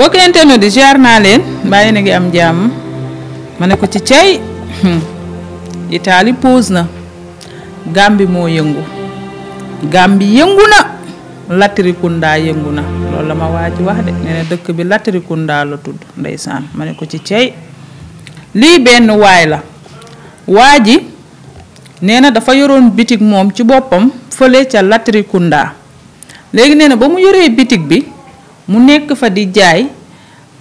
mbokk internet di ziar naa leen mbaa yéen a ngi am jàmm ma ne ko ci cay hmm. Italie pause na Gambie moo yëngu Gambie yëngu na Latrikunda yëngu na loolu la ma waa ji wax de nee dëkk bi Latrikunda la tudd ndeysaan ma ne ko ci cay lii benn waay la waa ji nee na dafa yoroon bitig moom ci boppam fële ca Latrikunda léegi nee na ba mu yoree bitig bi mu nekk fa di jaay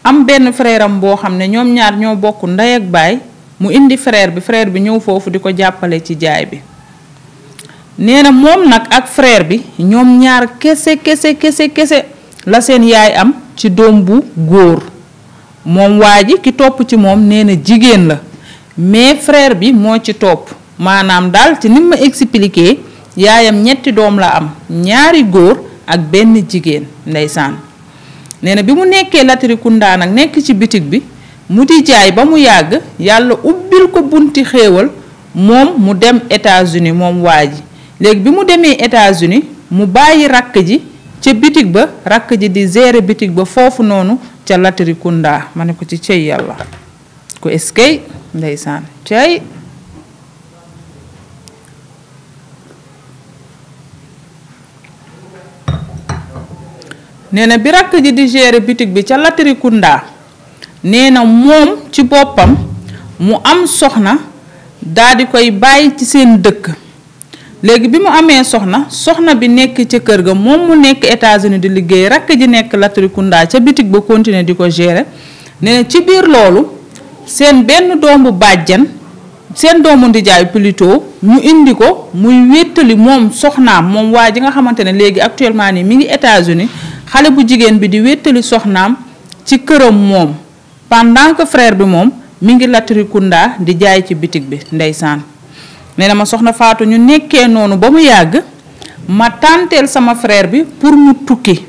am benn freeram boo xam ne ñoom ñaar ñoo bokk ndey ak baay mu indi freer bi frère bi ñëw foofu di ko jàppale ci jaay bi nee na moom nag ak frère bi ñoom ñaar kese kese kese kese la seen yaay am ci doom bu góor moom waa ji ki topp ci moom nee na jigéen la mais frère bi moo ci topp maanaam daal ci ni ma expliqué yaayam ñetti doom la am ñaari góor ak benn jigéen ndeysaan nee na bi mu nekkee Latrikunda nag nekk ci bitig bi mu di jaay ba mu yàgg yàlla ubbil ko bunti xewal moom mu dem États-Unis moom waa ji léegi bi mu demee États-Unis mu bàyyi rakk ji ca bitig ba rakk ji di gérer bitig ba foofu noonu ca Latrikunda ma ne ko ci cey yàlla ko eskay ndeysaan cey nee na bi rakk ji di gérer bitig bi ca Latrikunda nee na moom ci boppam mu am soxna daa di koy bàyyi ci seen dëkk léegi bi mu amee soxna soxna bi nekk ca kër ga moom mu nekk États-Unis di liggéey rakk ji nekk Latrikunda ca bitig ba continuer di ko gérer nee ci biir loolu seen benn doomu bàjjan seen doomu ndijaay plutôt mu indi ko muy wéttali moom soxnaam moom waa ji nga xamante ne léegi actuellement nii mi ngi états xale bu jigéen bi di wéttali soxnaam ci këram moom pendant que frère bi moom mi ngi Latrikunda di jaay ci bitig bi ndeysaan nee na ma soxna Faatu ñu nekkee noonu ba mu yàgg ma tànteel sama frère bi pour mu tukki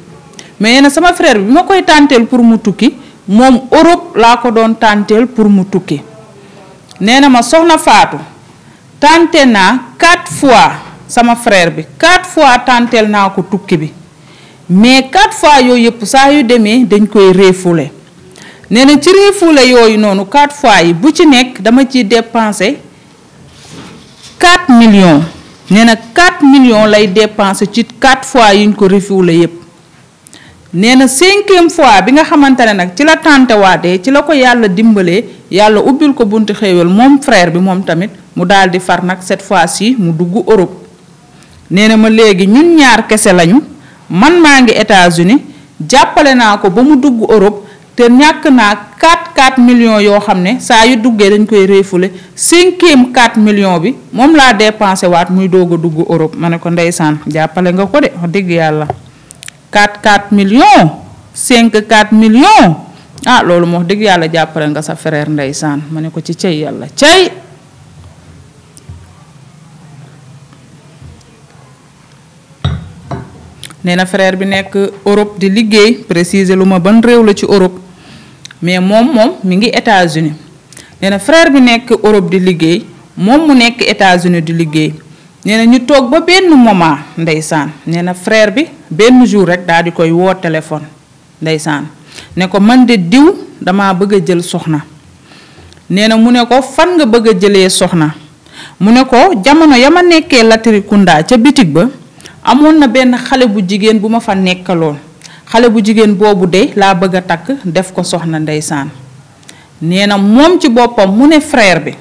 mais nee na sama frère bi bi ma koy tànteel pour mu tukki moom Europe laa ko doon tànteel pour mu tukki nee na ma soxna Faatu tànte naa quatre fois sama frère bi quatre fois tànteel naa ko tukki bi mais quatre fois yooyu yëpp saa yu demee dañ koy refoulé nee na ci refoulé yooyu noonu quatre fois yi bu ci nekk dama ci dépensé quatre millions nee na quatre millions lay dépensé ci quatre fois yuñ ko refoulé yëpp nee na cinquième fois bi nga xamante ne nag ci la tàntewaatee ci la ko yàlla dimbalee yàlla ubbil ko bunti xéewal moom frère bi moom tamit mu daal di far nag cette fois ci mu dugg Europe nee na ma léegi ñun ñaar kese lañu man maa ngi États-Unis jàppale naa ko ba mu dugg Europe te ñàkk naa 4 4 million yoo xam ne saa yu duggee dañ koy réefule cinquième 4 million bi moom laa dépensé waat muy doog a dugg Europe ma ne ko ndeysaan jàppale nga ko de wax dëgg yàlla 4 4 millions 5 4 millions ah loolu moo wax dëgg yàlla jàppale nga sa frère ndeysaan ma ne ko ci cey yàlla cey nee na frère bi nekk Europe di liggéey préciser lu ma ban réew la ci Europe mais moom moom mi ngi États-Unis nee na bi nekk Europe di liggéey moom mu nekk États-Unis di liggéey nee na ñu toog ba benn moment ndeysaan nee na frère bi benn jour rek daal di koy woo téléphone ndeysaan ne ko man de diw dama bëgg a jël soxna nee na mu ne ko fan nga bëgg a jëlee soxna mu ne ko jamono ya ma nekkee Latrikunda ca bitig ba amoon na benn xale bu jigéen bu ma fa nekkaloon xale bu jigéen boobu de laa bëgg a takk def ko soxna ndeysaan nee na moom ci boppam mu ne frère bi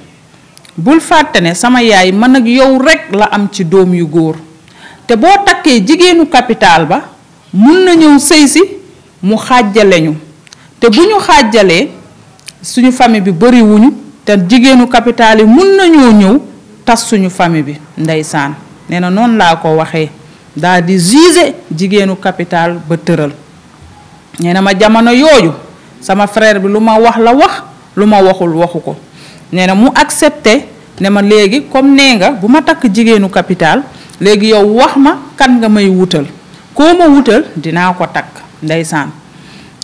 bul fàtte sama yaay man ak yow rekk la am ci doom yu góor te boo takkee jigéenu capital ba mun na ñëw mu xaajale ñu te bu ñu xaajalee suñu famille bi bariwuñu te jigéenu capital yi mun nañoo ñëw tas suñu famille bi ndeysaan nee na noonu laa ko waxee daal di juger jigéenu capital ba tëral nee na ma jamono yooyu sama frère bi lu ma wax la wax lu ma waxul waxu ko nee na mu accepté ne ma léegi comme nee nga bu ma takk jigéenu capital léegi yow wax ma kan nga may wutal koo ma wutal dinaa ko takk ndeysaan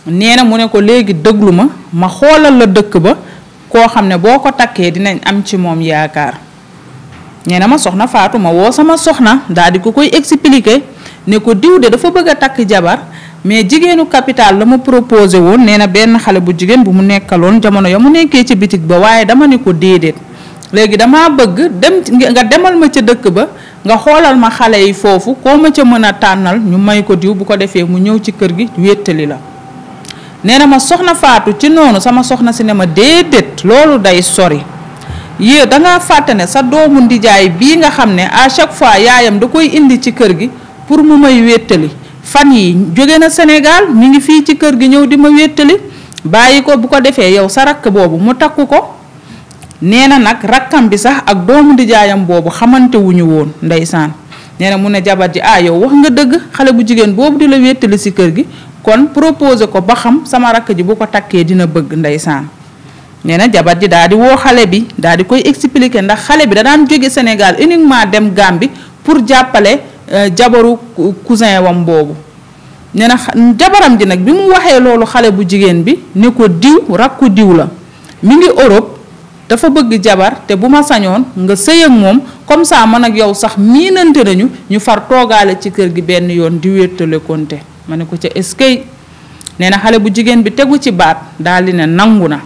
nee na mu ne ko léegi dëglu ma ma xoolal la dëkk ba koo xam ne boo ko takkee dinañ am ci moom yaakaar nee na ma soxna faatu ma woo sama soxna daal di ko koy expliquer ne ko diw de dafa bëgg a takk jabar mais jigéenu capital la ma proposé woon nee na benn xale bu jigéen bu mu nekkaloon jamono ya mu nekkee ca bitig ba waaye dama ne ko déedéet léegi dama bëgg dem nga demal ma ca dëkk ba nga xoolal ma xale yi foofu koo ma ca mën a tànnal ñu may ko diw bu ko defee mu ñëw ci kër gi wéttali la nee na ma soxna faatu ci noonu sama soxna si ne ma déedéet loolu day sori yée da ngaa fàtte ne sa doomu ndijaay bii nga xam ne à chaque fois yaayam da koy indi ci kër gi pour mu may wéttali fan yi jóge na Sénégal mu ngi fii ci kër gi ñëw di ma wéttali bàyyi ko bu ko defee yow sa rakk boobu mu takku ko nee na nag rakkam bi sax ak doomu ndijaayam boobu xamantewuñu woon ndeysaan nee na mu ne jabar ji ah yow wax nga dëgg xale bu jigéen boobu di la wéttali si kër gi kon proposé ko ba xam sama rakk ji bu ko takkee dina bëgg ndeysaan nee na jabar ji daal di woo xale bi daal di koy expliquer ndax xale bi da jóge Sénégal uniquement dem Gambie pour jàppale euh, jabaru cousin wam boobu nee na jabaram ji nag bi mu waxee loolu xale bu jigéen bi ni ko diw rakku diw la mu ngi Europe dafa bëgg jabar te bu ma sañoon nga sëy ak moom comme ça mën ak yow sax miinante nañu ñu far toogaale ci kër gi benn yoon di wéttale ma ne ko ca est-ce que nee na xale bu jigéen bi tegu ci baat daal di ne nangu na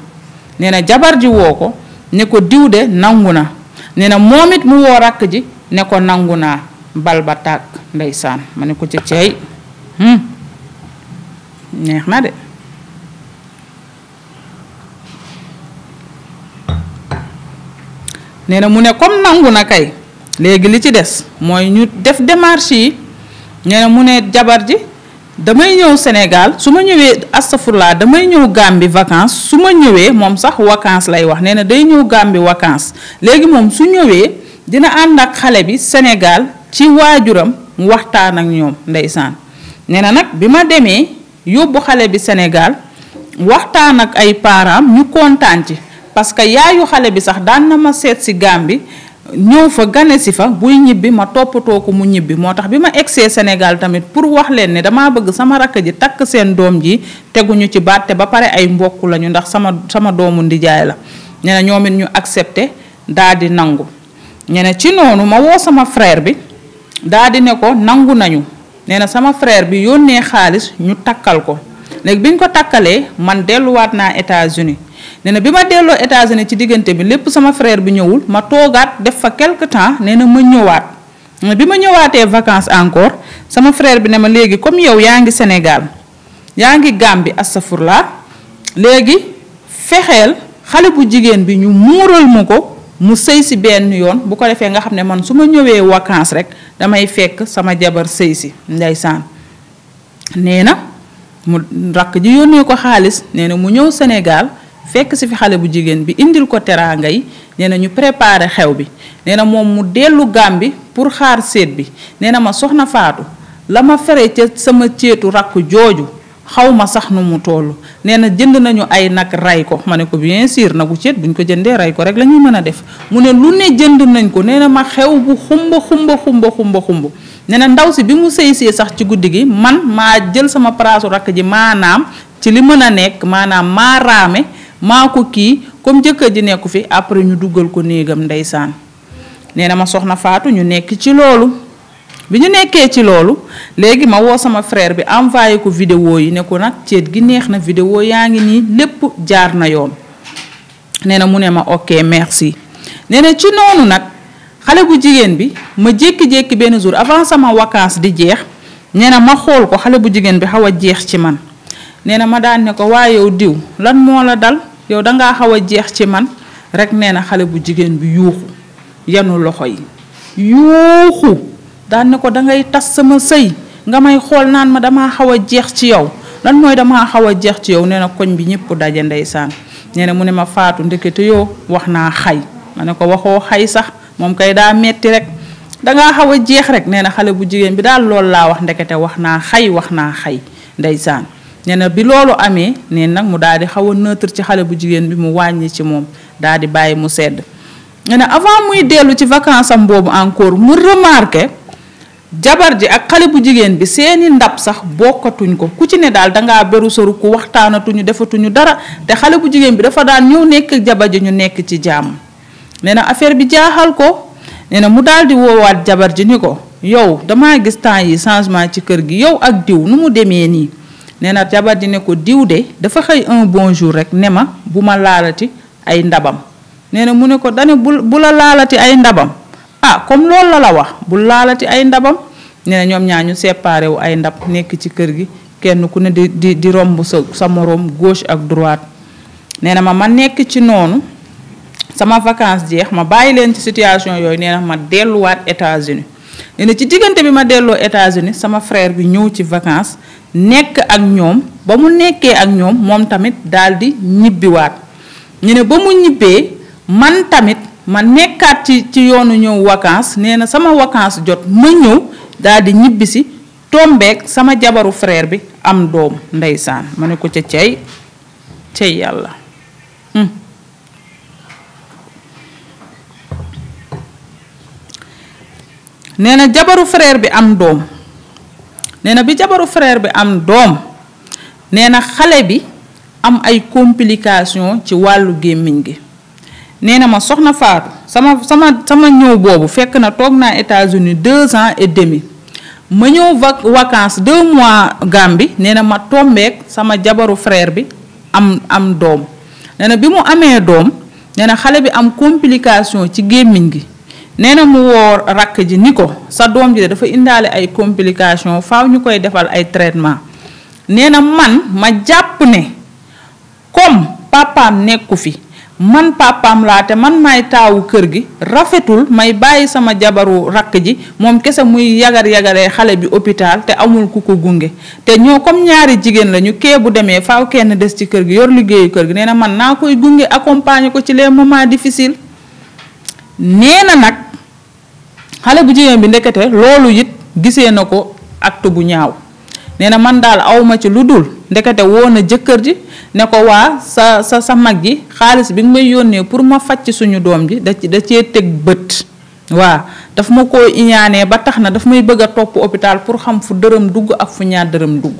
nee na jabar ji woo ko ne ko diw de nangu na nee na moom it mu woo rakk ji ne ko nangu naa bal ba tàkk ndeysaan ma ne ko ca ceey hmm. neex na de nee na mu ne comme nangu na kay léegi li ci des mooy ñu def démarche yi nee mu ne jabar ji damay ñëw Sénégal su ma ñëwee astafulaa damay ñëw Gàmbi vacance su ma ñëwee moom sax vacances lay wax nee na day ñëw Gàmbi vacances léegi moom su ñëwee dina ànd ak xale bi Sénégal ci waajuram waxtaan ak ñoom ndeysaan nee na nag bi ma demee yóbbu xale bi Sénégal waxtaan ak ay parents ñu kontaan ci parce que yaayu xale bi sax daan na ma seet si bi ñëw fa gane si fa buy ñibbi ma toppatoo ko mu ñibbi moo tax bi ma egsee Sénégal tamit pour wax leen ne damaa bëgg sama rakk ji takk seen doom ji teguñu ci baat te ba pare ay mbokk lañu ndax sama sama doomu ndijaay la ñu ne ñoom it ñu accepté daa di nangu. ñu ne ci noonu ma woo sama frair bi daa di ne ko nangu nañu nee na sama frère bi yónnee xaalis ñu takkal ko léegi biñ ko takkalee man delluwaat naa États-Unis nee na bi ma delloo États-Unis ci diggante bi lépp sama frère bi ñëwul ma toogaat def fa quelque temps nee na ma ñëwaat bi ma ñëwaatee vacance encore sama frair bi ne ma léegi comme yow yaa ngi Sénégal yaa ngi bi sa astafurla léegi fexeel xale bu jigéen bi ñu muural ma ko mu sëy si benn yoon bu ko defee nga xam ne man su ma ñëwee vacances rek damay fekk sama jabar sëy si ndeysaan nee na mu rakk ji yónnee ko xaalis nee na mu ñëw Sénégal fekk si fi xale bu jigéen bi indil ko teraanga yi nee na ñu préparé xew bi nee na moom mu dellu gàm bi pour xaar seet bi nee na ma soxna faatu la ma fere ca sama ceetu rakk jooju xaw ma sax nu mu toll nee na jënd nañu ay nag ray ko ma ne ko bien sûr nagu ceet buñ ko jëndee ray ko rek la ñuy mën a def mu ne lu ne jënd nañ ko nee na ma xew bu xumba xumba xumba xumba xumba nee na ndaw si bi mu sëy see sax ci guddi gi man maa jël sama palaasu rakk ji maanaam ci li mën a nekk maanaam maa raame maako kii comme jëkkër ji nekku fi après ñu duggal ko néegam ndeysaan nee na ma soxna Faatu ñu nekk ci loolu bi ñu nekkee ci loolu léegi ma woo sama frair bi envoyé ko vidéo yi ne nag ceet gi neex na vidéo yaa ngi nii lépp jaar na yoon nee na mu ne ma ok merci nee na ci noonu nag xale bu jigéen bi ma jékki-jékki benn jour avant sama vacances di jeex nee na ma xool ko xale bu jigéen bi xaw a jeex ci man nee na ma daan ne ko waaye yow diw lan dal yow dangaa ngaa xaw a jeex ci man rek nee na xale bu jigéen bi yuuxu yenu loxo yi yuuxu daan ne ko da ngay tas sama sëy nga may xool naan ma dama xaw a jeex ci yow lan mooy damaa xaw a jeex ci yow nee na koñ bi ñëpp daje ndeysaan nee na mu ne ma faatu ndekete yow wax naa xay ma ne ko waxoo xay sax moom kay daa metti rek dangaa xaw a jeex rek nee na xale bu jigéen bi daal loolu laa wax ndekete wax naa xay wax naa xay ndeysaan nee na bi loolu amee nee nag mu daal di xaw a neutre ci xale bu jigéen bi mu wàññi ci moom daal di bàyyi mu sedd nee na avant muy dellu ci vacance am boobu encore mu remarqué jabar ji ak xale bu jigéen bi seeni ndab sax bokkatuñ ko ku ci ne daal dangaa beru saru ku waxtaanatuñu defatuñu dara te xale bu jigéen bi dafa daan ñëw nekk jabar ji ñu nekk ci jàmm nee na affaire bi jaaxal ko nena mu daal di woowaat jabar ji ni ko yow dama gis temps yi changement ci kër gi yow ak diw nu mu demee nii nee na jabar ji ne ko diw de dafa xëy un bon jour rek ne ma bu ma laalati ay ndabam nee na mu ne ko dane bu bu la laalati ay ndabam ah comme loolu la la wax bu laalati ay ndabam ne ñoom ñaa ñu séparé wu ay ndab nekk ci kër gi kenn ku ne di di di romb sa sa moroom gauche ak droite nee na ma ma nekk ci noonu sama vacances jeex ma bàyyi leen ci situation yooyu nee na ma delluwaat États-Unis nee ci diggante bi ma delloo États-Unis sama frair bi ñëw ci vacances nekk ak ñoom ba mu nekkee ak ñoom moom tamit daal di ñibbiwaat ñu ne ba mu ñibbee man tamit ma nekkaat ci ci yoonu ñëw vacances nee na sama vacances jot ma ñëw daal di ñibbisi tombeek sama jabaru frère bi am doom ndeysaan ma ne ko ca cey cey yàlla nee na jabaru frère bi am doom nee na bi jabaru frère bi am doom nee na xale bi am ay complication ci wàllu gémmiñ gi nee na ma soxna Faatu sama sama sama ñëw boobu fekk na toog naa États-Unis deux ans et demi ma ñëw vac vacances deux mois Gambie nee na ma tombeek sama jabaru frère bi am am doom nee bi mu amee doom nee xale bi am complication ci gémmiñ gi nee na mu woo rakk ji ni ko sa doom ji dafa indaale ay complication faaw ñu koy defal ay traitement nee na man ma jàpp ne comme papaam nekku fi man papaam laa te man may taawu kër gi rafetul may bàyyi sama jabaru rakk ji moom kese muy yagar yagaree xale bi hôpital te amul ku ko gunge te ñoo comme ñaari jigéen lañu kee bu demee faaw kenn des ci kër gi yor liggéeyu kër gi nee na man naa koy gunge accompagne ko ci les moment difficiles nee na xale bu jigéen bi ndekete loolu it gisee na ko acte bu ñaaw nee na man daal awma ci lu dul ndekete woo na jëkkër ji ne ko waa sa sa sa mag ji xaalis bi nga may yónnee pour ma faj suñu doom ji da ci da cee teg bët waa dafa ma ko iñaanee ba tax na dafa may bëgg a topp hôpital pour xam fu dërëm dugg ak fu ñaar dërëm dugg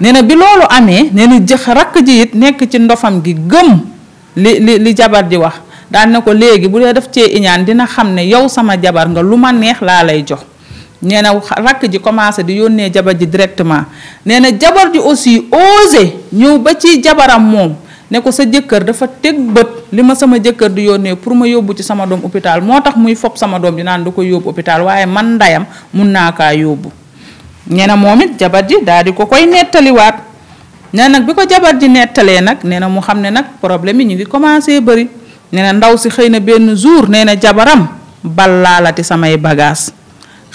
nee na bi loolu amee nee na jëx rakk ji it nekk ci ndofam gi gëm li li li jabar ji wax daan na ko léegi bu dee def cee iñaan dina xam ne yow sama jabar nga lu ma neex laa lay jox nee na rakk ji commencé di yónnee jabar ji directement nee na jabar ji aussi osé ñëw ba ci jabaram moom ne ko sa jëkkër dafa teg bët li ma sama jëkkër di yónnee pour ma yóbbu ci sama doom hôpital moo tax muy fob sama doom di naan du ko yóbbu hôpital waaye man ndayam mun naa kaa yóbbu nee na moom it jabar ji daal di ko koy nettaliwaat nee nag bi ko jabar ji nettalee nag nee na mu xam ne nag problème yi ñu ngi commencé bëri nee na ndaw si xëy na benn jour nee na jabaram ballaalati samay bagaas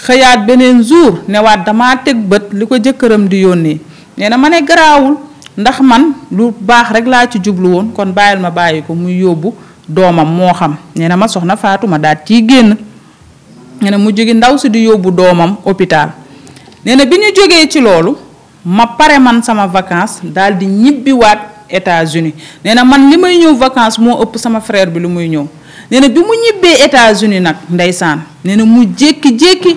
xëyaat beneen jour newaat dama teg bët li ko jëkkëram di yónnee nee na ma ne garaawul ndax man lu baax rek laa ci jublu woon kon bàyyil ma bàyyi ko muy yóbbu doomam moo xam nee na ma soxna faatuma ma daat génn nee na mu jóge ndaw si di yóbbu doomam hôpital nee na bi ñu jógee ci loolu ma pare man sama vacances daal di ñibbiwaat États-Unis nee na man li may ñëw vacances moo ëpp sama frère bi lu muy ñëw nee bi mu ñibbee États-Unis nag ndeysaan nee mu jékki-jékki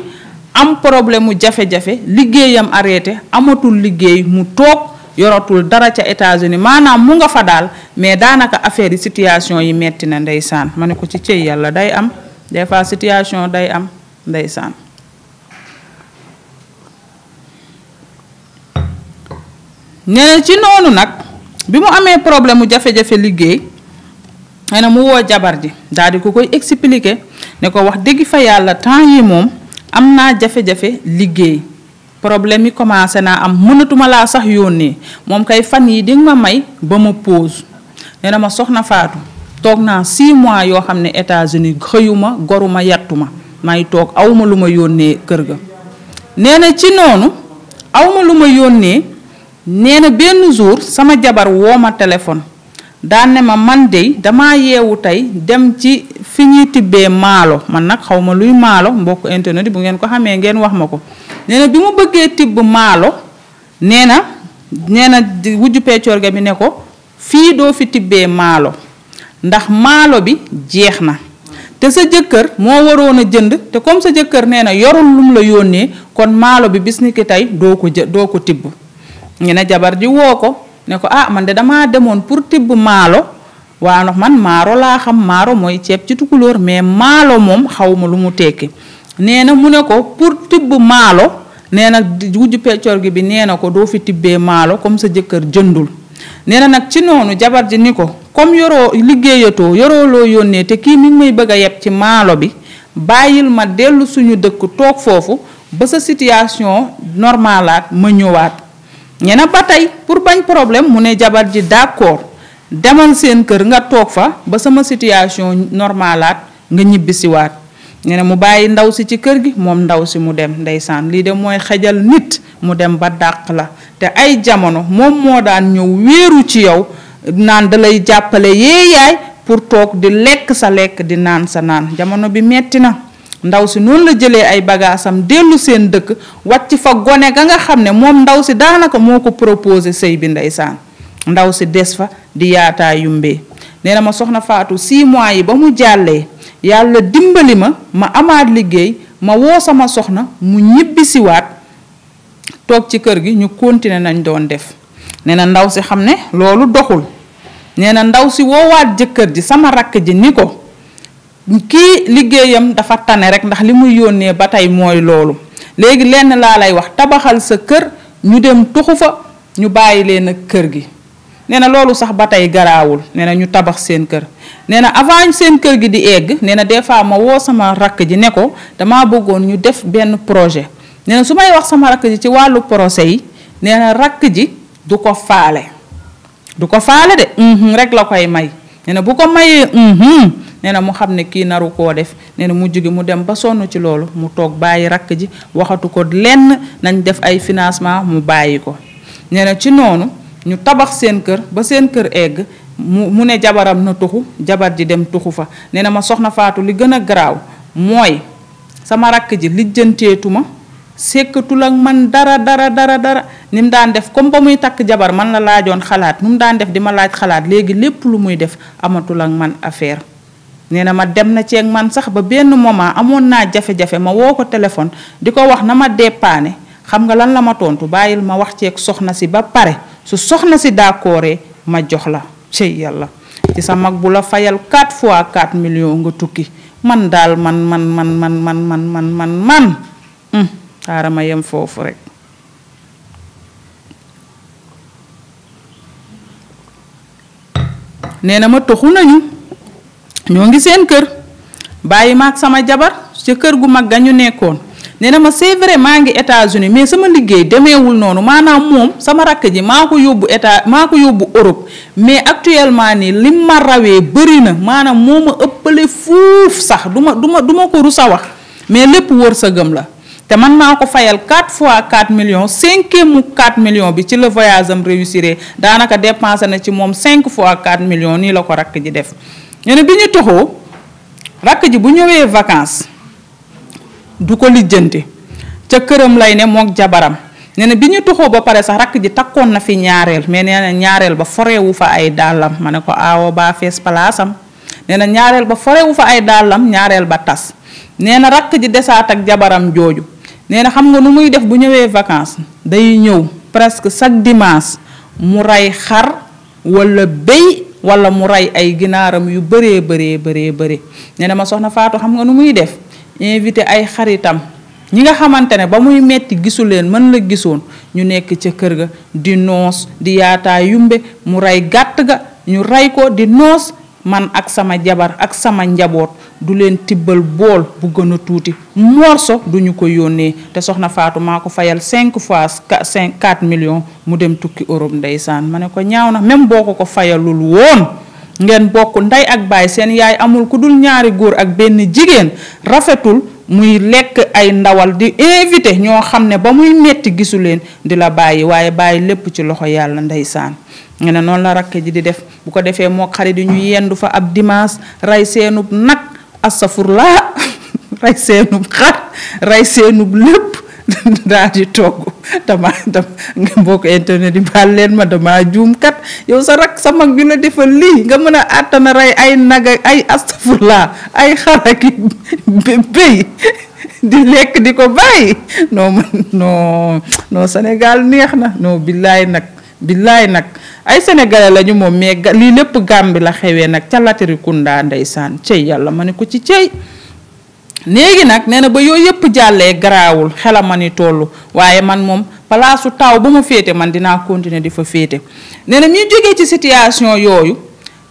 am problème mu jafe-jafe liggéeyam arrêté amatul liggéey mu toog yoratul dara ca États-Unis maanaam mu nga fa daal mais daanaka affaire yi situation yi metti na ndeysaan ma ne ko ci cëy yàlla day am des fois situation day am ndeysaan nee ci noonu nag bi mu amee problème mu jafe-jafe liggéey nee na mu woo jabar ji daal di ko koy expliquer ne ko wax dëgg fa yàlla temps yi moom am naa jafe-jafe liggéey problème yi commencé naa am mënatuma laa sax yónnee moom kay fan yi di ma may ba ma pause nee na ma soxna Faatu toog naa 6 mois yoo xam ne États-Unis xëyuma goruma yattuma may toog awma lu ma yónnee kër ga nee ci noonu awma lu ma yónnee nee na benn jour sama jabar woo ma téléphone daan ne ma man dey dama yeewu tey dem ci fi ñuy tibbee maalo man nag xaw ma luy maalo mbokk internet yi bu ngeen ko xamee ngeen wax ma ko nee na bi mu bëggee tibb maalo nee na nee na wujju peccoor ga bi ne ko fii doo fi tibbee maalo ndax maalo bi jeex na te sa jëkkër moo waroon a jënd te comme sa jëkkër nee na yorul lum la yónnee kon maalo bi bis tey doo ko jë doo ko tibb ñu ne jabar ji woo ko ne ko ah man de damaa demoon pour tibb maalo waa ndox man maaro laa xam maaro mooy ceeb ci tukulóor mais maalo moom xawma lu mu tekki nee na mu ne ko pour tibb maalo nee na wujju peccor gi bi nee na ko doo fi tibbee maalo comme sa jëkkër jëndul nee na nag ci noonu jabar ji ni ko comme yoroo liggéeyatoo yoroo loo yónnee te kii mi ngi bëgg a yeb ci maalo bi bàyyil ma dellu suñu dëkk toog foofu ba sa situation normalaat ma ñëwaat ñu ne ba tey pour bañ problème mu ne jabar ji d'accord demal seen kër nga toog fa ba sama situation normalaat nga ñibbisiwaat ñu ne mu bàyyi ndaw si ci kër gi moom ndaw si mu dem ndeysaan lii de mooy xejal nit mu dem ba dàq la te ay jamono moom moo daan ñëw wéeru ci yow naan dalay jàppale yee yaay pour toog di lekk sa lekk di naan sa naan jamono bi metti na ndaw si noonu la jëlee ay bagaasam dellu seen dëkk wàcc fa gone ga nga xam ne moom ndaw si daanaka moo ko proposé sëy bi ndeysaan ndaw si des fa di yaataa yumbee nee na ma soxna faatu six mois yi ba mu jàllee yàlla dimbali ma ma amaat liggéey ma woo sama soxna mu ñibbisiwaat toog ci kër gi ñu continuer nañ doon def nee na ndaw si xam ne loolu doxul nee na ndaw si woowaat jëkkër ji sama rakk ji ni ko kii liggéeyam dafa tane rek ndax li muy yónnee ba tey mooy loolu léegi lenn laa lay wax tabaxal sa kër ñu dem tuxu fa ñu bàyyi leen ak kër gi nee na loolu sax ba tey garaawul nee ñu tabax seen kër nee na avant seen kër gi di egg nee na des fois ma woo sama rakk ji ne ko damaa bëggoon ñu def benn projet nee su may wax sama rakk ji ci wàllu projet yi nee na rakk ji du ko faale du ko faale de rek la koy may nee bu ko mayee nee na mu xam ne kii naru koo def nee na mujj gi mu dem ba sonn ci loolu mu toog bàyyi rakk ji waxatu ko lenn nañ def ay financement mu bàyyi ko nee na ci noonu ñu tabax seen kër ba seen kër egg mu mu ne jabaram na tuxu jabar ji dem tuxu fa nee na ma soxna faatu li gën a garaaw mooy sama rakk ji lijjanteetu ma sekkatul ak man dara dara dara dara ni mu daan def comme ba muy takk jabar man la laajoon xalaat nu mu daan def di ma laaj xalaat léegi lépp lu muy def amatul ak man affaire nee ma dem na ceeg man sax ba benn moment amoon naa jafe-jafe ma woo ko telefon di ko wax na ma dépanne xam nga lan la ma tontu bàyyil ma wax ceeg soxna si ba pare su soxna si daakooree ma jox la cey yàlla ci sa mag bu la fayal 4 fois 4 millions nga tukki man daal man man man man man man man man man xaaral ma yem foofu rek nee ma toxu nañu ñoo ngi seen kër bàyyi ma ak sama jabar ca kër gu mag ga ñu nekkoon nee na ma c'est maa ngi États-Unis mais sama liggéey demeewul noonu maanaam moom sama rakk ji maa ko yóbbu état maa ko yóbbu Europe mais actuellement nii li ma rawee bëri na maanaam moo ma ëppale fuuf sax du ma du ma du ma ko rusa wax mais lépp wër wërsëgam la te man maa ko fayal 4 fois 4 millions cinquième mu million bi ci la voyage am réussiré daanaka dépensé na ci moom cinq fois 4 millions nii la ko rakk ji def ñu ne bi ñu toxoo rakk ji bu ñëwee vacances du ko lijjanti ca këram lay ne mook jabaram ne ne bi ñu toxoo ba pare sax rakk ji takkoon na fi ñaareel mais nee ñaareel ba forewu fa ay dàllam ma ne ko aawo baa palaasam nee na ñaareel ba forewu fa ay dàllam ñaareel ba tas nee na rakk ji desaat ak jabaram jooju nee na xam nga nu muy def bu ñëwee vacances day ñëw presque chaque dimaas mu rey xar walla béy wala mu rey ay ginaaram yu bëree bëree bëree bëri nee na ma soxna Faatu xam nga nu muy def invité ay xaritam ñi nga xamante ne ba muy metti gisu leen mën la gisoon ñu nekk ca kër ga di noos di yaataa yumbe mu rey gàtt ga ñu rey ko di noos man ak sama jabar ak sama njaboot du leen tibbal bool bu gën tuuti morso du ñu ko yónnee te soxna Faatu maa ko fayal cinq fois cinq quatre million mu dem tukki Europe ndeysaan ma ne ko ñaaw na même boo ko ko fayalul woon ngeen bokk ndey ak baay seen yaay amul ku dul ñaari góor ak benn jigéen rafetul muy lekk ay ndawal di invité ñoo xam ne ba muy metti gisu leen di la bàyyi waaye bàyyi lépp ci loxo yàlla ndeysaan nga ne noonu la rakk ji di def bu ko defee moo xarit yi ñu yendu astafurlaa rey seenub xar rey seenub lépp daal di togg dama dama mbokk internet yi baal leen ma dama juum kat yow sa rak sa mag ju la defal lii nga mën a àttana rey ay nag ay astafurlaa ay xar ak béy di lekk di ko bàyyi noo man non non neex na non billaay nag billaay nag ay sénégalais lañu moom mais lii lépp Gàmbi la xewee nag ca Latrikunda ndeysaan cey yàlla ma ne ko ci cey léegi nag nee na ba yooyu yëpp jàllee garaawul xela ma ni toll waaye man moom palaasu taw ba ma féete man dinaa continuer di fa féete nee na jógee ci situation yooyu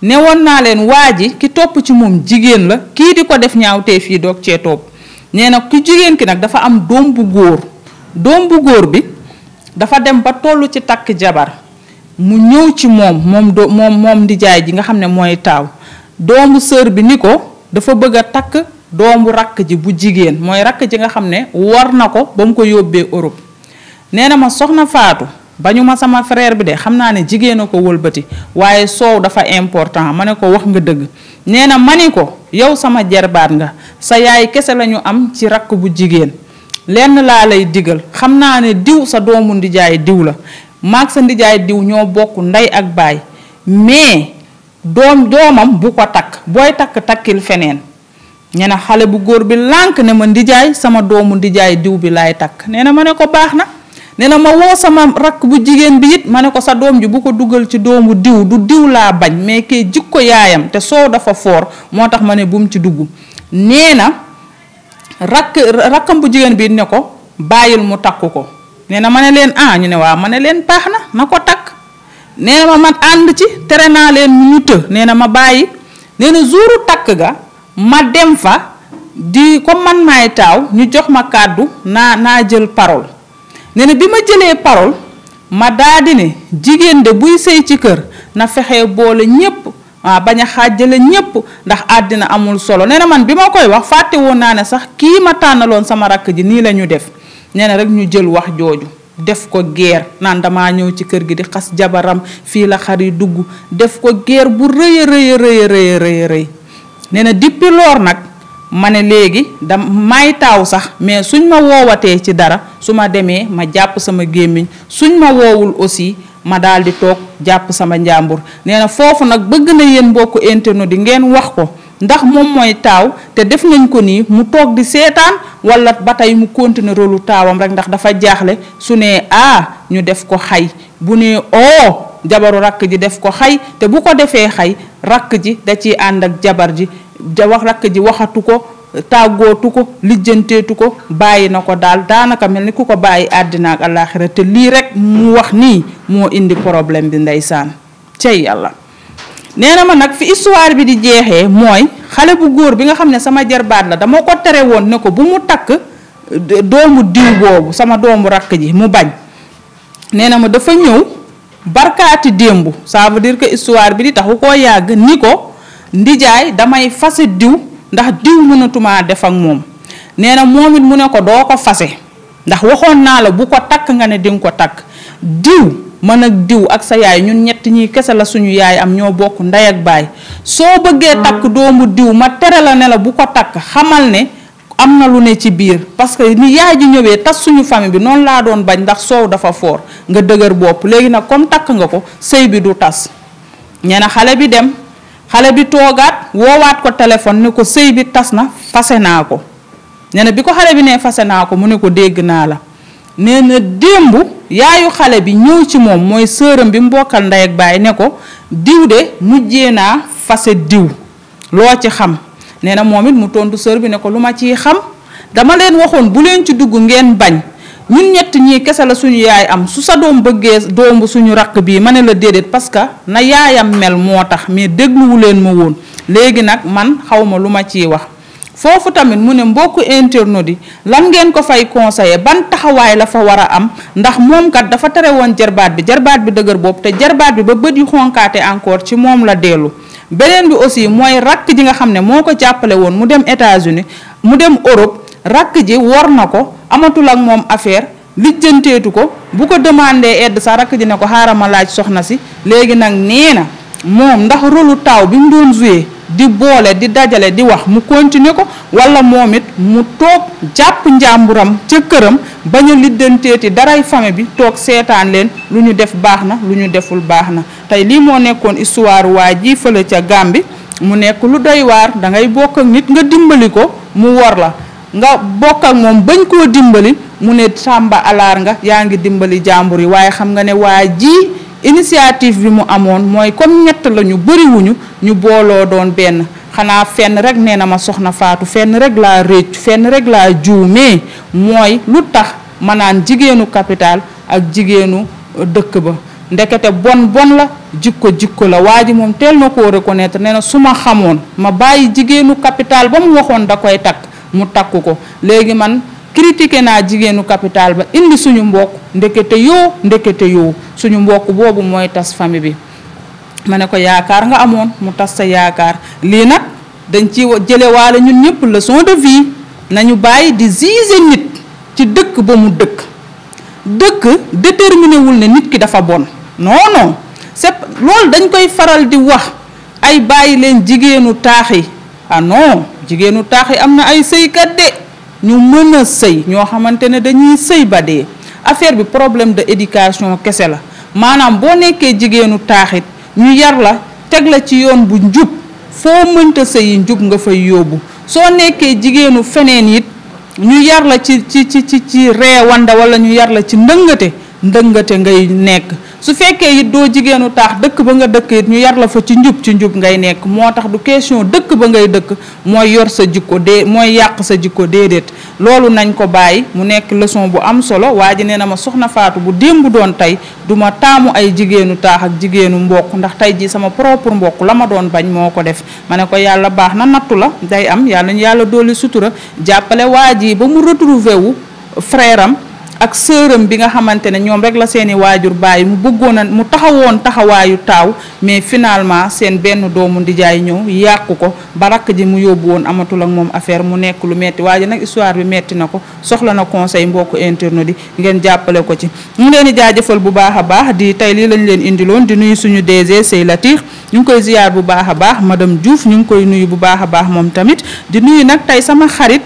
ne woon naa leen waa ji ki topp ci moom jigéen la kii di ko def ñaawtee fii doog cee topp nee na ki jigéen ki nag dafa am doom bu góor doom bu góor bi dafa dem ba tollu ci takk jabar mu ñëw ci moom moom do moom moom nijaay ji nga xam ne mooy taaw doomu sër bi ni ko dafa bëgg a takk doomu rakk ji bu jigéen mooy rakk ji nga xam ne war na ko ba mu ko yóbbee Europe nee na ma soxna Faatu bañu ma sama frère bi de xam naa ne jigéen ko wëlbati waaye soow dafa important ma ne ko wax nga dëgg nee na ma ni ko yow sama jarbaat nga sa yaay kese lañu am ci rakk bu jigéen lenn laa lay digal xam naa ne diw sa doomu ndijaay diw la maag sa ndijaay diw ñoo bokk ndey ak baay mais doom doomam bu ko takk booy takk takkil feneen ñu ne xale bu góor bi lànk ne ma ndijaay sama doomu ndijaay diw bi laay takk nee na ma ne ko baax na nee na ma woo sama rakk bu jigéen bi it ma ne ko sa doom ji bu ko dugal ci doomu diw du diw laa bañ mais kee jikko yaayam te soow dafa foor moo tax ma ne bu ci dugg nee na rakk rakkam bu jigéen bi ne ko bàyyil mu takku ko nee na ma ne leen ah ñu ne waaw ma ne leen baax na na ko takk nee na ma man ànd ci tere naa leen ñu të nee na ma bàyyi nee na juuru takk ga ma dem fa di ko man maay taaw ñu jox ma kàddu naa naa jël parole nee na bi ma jëlee parole ma daa ne jigéen de buy sëy ci kër na fexe boole ñépp waaw ah, bañ a xaajale ñépp ndax àddina amul solo nee na man bi ma koy wax fàtte woon naa ne sax kii ma tànnaloon sama rakk ji nii la ñu def nee na rek ñu jël wax jooju def ko guerre naan damaa ñëw ci kër gi di xas jabaram fii la xar yi dugg def ko guerre bu rëy a rëy rëy rëy rëy nee na depuis loor nag ma ne léegi da taaw sax mais suñ ma woowatee ci dara su ma demee ma jàpp sama gémmiñ suñ ma woowul aussi ma daal di toog jàpp sama njàmbur nee na foofu nag bëgg na yéen mbokku internet di ngeen wax ko ndax moom mooy taaw te def nañ ko nii mu toog di seetaan wala ba tey mu continuer rôlu taawam rek ndax dafa jaaxle su nee a ah, ñu def ko xay bu ne oo oh, jabaru rakk ji def ko xay te bu ko defee xay rakk ji da ciy ànd ak jabar ji wax rakk ji waxatu ko tàggootu ko lijjanteetu ko bàyyi na ko daal daanaka mel ni ku ko bàyyi àddina ak te lii rek mu wax nii moo indi problème bi ndeysaan cey yàlla nee na ma nag fi histoire bi di jeexee mooy xale bu góor bi nga xam ne sama jarbaat la dama ko tere woon ne ko bu mu takk doomu diw boobu sama doomu rakk ji mu bañ nee na ma dafa ñëw barkaati démb ça veut dire que histoire bi di taxu koo yàgg ni ko ndijaay damay fase diw ndax diw mënatumaa def ak moom nee na moom it mu ne ko doo ko fase ndax waxoon naa la bu ko takk nga ne di ko takk diw mën ak diw ak sa yaay ñun ñett ñi kese la suñu yaay am ñoo bokk ndey ak baay soo bëggee mm. takk doomu diw ma tere la ne la bu ko takk xamal ne am na lu ne ci biir parce que ni yaay ji ñëwee tas suñu famille bi noonu laa doon bañ ndax soow dafa foor nga dëgër bopp léegi nag comme takk nga ko sëy bi du tas ñene xale bi dem xale bi toogaat woowaat ko téléphone ne ko sëy bi tas na fase naa ko nee na bi ko xale bi nee fase naa ko mu ne ko dégg naa la nee na démb yaayu xale bi ñëw ci moom mooy sëram bi mu bokkal ndey ak baay ne ko diw de mujjee naa fase diw loo ci xam nee na moom it mu tontu sër bi ne ko lu ma ciy xam dama leen waxoon bu leen ci dugg ngeen bañ ñun ñett ñii kese la suñu yaay am su sa doom bëggee doom suñu raq bii ma ne la déedéet parce que na yaayam mel moo tax mais dégluwu leen ma woon léegi nag man xawma lu ma ciy wax foofu tamit mu ne mbokk internautes yi lan ngeen ko fay conseiller ban taxawaay la fa war a am ndax moom kat dafa tere woon jarbaat bi jarbaat bi dëgër bopp te jarbaat bi ba bët yu xonkaate encore ci moom la dellu beneen bi aussi mooy rakk ji nga xam ne moo ko jàppale woon mu dem états uni mu dem Europe rakk ji war na ko amatul ak moom affaire lijjanteetu ko bu ko demandé aide sa rakk ji ne ko xaaral ma laaj soxna si léegi nag nee na moom ndax rôlu taaw bi mu doon joué di boole di dajale di wax mu continuer ko wala moom it mu toog jàpp njàmburam ca këram bañ a liddanteeti daray famille bi toog seetaan leen lu ñu def baax na lu ñu deful baax na tey lii moo nekkoon histoire waa ji fële ca Gàmbi mu nekk lu doy waar da ngay bokk nit nga dimbali ko mu wor la nga bokk ak moom bañ koo dimbali mu ne sàmba alaar nga yaa ngi dimbali jàmbur yi waaye xam nga ne waa ji initiative bi mu amoon mooy comme ñett la ñu bëriwuñu ñu booloo doon benn xanaa fenn rek nee na ma soxna faatu fenn rek laa réccu fenn rek laa juumee mooy lu tax ma naan jigéenu capital ak jigéenu euh, dëkk ba ndekete bon bon la jikko jikko la waa ji moom teel na koo reconnaître nee na su ma xamoon ma bàyyi jigéenu capital ba mu waxoon da koy takk mu takku ko léegi man critiqué naa jigéenu capital ba indi suñu mbokk ndekete yoo ndekete yoo suñu mbokk boobu mooy tas famille bi ma ne ko yaakaar nga amoon mu tas sa yaakaar lii nag dañ ci jëlewaale ñun ñëpp leçon de vie nañu bàyyi di juger nit ci dëkk ba mu dëkk dëkk déterminé wul ne nit ki dafa bon non non c'est dañ koy faral di wax ay bàyyi leen jigéenu taax yi ah jigéenu taax yi am na ay sëykat de ñu mën a sëy ñoo xamante ne dañuy sëy ba dee affaire bi problème de éducation kese la maanaam boo nekkee jigéenu taaxit ñu yar la teg la ci yoon bu njub foo mënta sëyi njub nga fay yóbbu soo nekkee jigéenu feneen it ñu yar la ci ci ci ci ci reewanda wala ñu yar la ci ndëngate ndëngate ngay nekk su fekkee it doo jigéenu taax dëkk ba nga dëkk it ñu yar la fa ci njub ci njub ngay nekk moo tax du question dëkk ba ngay dëkk mooy yor sa jikko dee mooy yàq sa jikko déedéet loolu nañ ko bàyyi mu nekk leçon bu am solo waa ji nee na ma soxna faatu bu démb doon tey duma taamu ay jigéenu taax ak jigéenu mbokk ndax tey ji sama propre mbokk la ma doon bañ moo ko def ma ne ko yàlla baax na nattu la day am yàlla ñu yàlla dooli sutura jàppale waa ji ba mu retrouvé wu frère ak sëram bi nga xamante ne ñoom rek la seeni waajur bàyyi mu bëggoon a mu taxawoon taxawaayu taaw mais finalement seen benn doomu ndijaay ñëw yàqu ko ba rakk ji mu yóbbu woon amatul ak moom affaire mu nekk lu metti waaye nag histoire bi metti na ko soxla na conseil mbokk internet di ngeen ko ci leen di jaajëfal bu baax a di tey lii lañ leen indiloon di nuyu suñu DG Sey Latir ñu ngi koy ziyaar bu baax a baax ma madame Diouf ñu ngi koy nuyu bu baax a baax moom tamit di nuyu nag tey sama xarit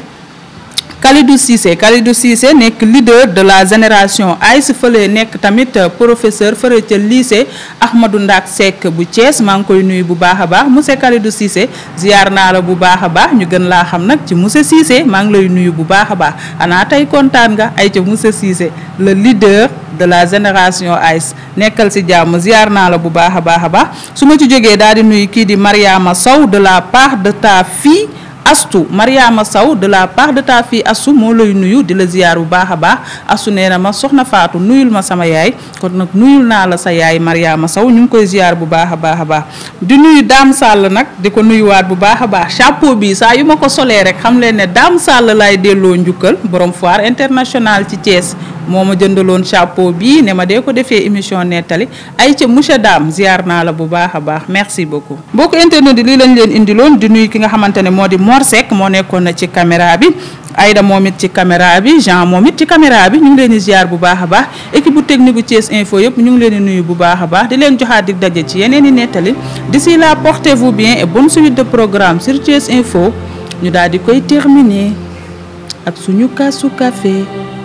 Kalidou Cissé Kalidou Cissé nekk leader de la génération AIS fële nekk tamit euh, professeur fële ca lycée Ahmadou Ndak Seck bu Thiès maa ngi koy nuyu bu baax a baax monsieur Kalidou Cissé ziar naa la bu baax a baax ñu gën laa xam nag ci monsieur Cissé maa ngi lay nuyu bu baax a baax xanaa tey kontaan nga ay ca monsieur Cissé le leader de la génération ays nekkal si jàmm ziar naa la bu baax a baax a baax su ma ci jógee daal di nuyu kii di Mariama Sow de la paax de ta fille. astu Mariama Sow de la part de ta fille astu moo lay nuyu di la ziyaar bu baax a baax astu nee na ma soxna Faatu nuyul ma sama yaay kon nag nuyul naa la sa yaay Mariama saw ñu ngi koy ziyaar bu baax a baax a baax di nuyu Dame Sall nag di ko nuyuwaat bu baax a baax chapeau bi saa yu ma ko solee rek xam leen ne Dame Sall laay delloo njukkal borom foire internationale ci Thiès moo ma jëndaloon chapeau bii ne ma dee ko defee émission nettali ay ca monsieur daam ziyaar naa la bu baax a baax merci beaucoup mbokk internet yi lii lañ ne moo Mor Seck moo nekkoon na ci caméra bi Aïda moom it ci caméra bi Jean moom it ci caméra bi ñu ngi leen di ziar bu baax a baax équipe bu technique bu Thiès Info yëpp ñu ngi leen di nuyu bu baax a baax di leen joxaat dig daje ci yeneen i nettali d'ici là portez-vous bien et bonne suite de programme sur Thiès Info ñu daal di koy terminer ak suñu kaasu café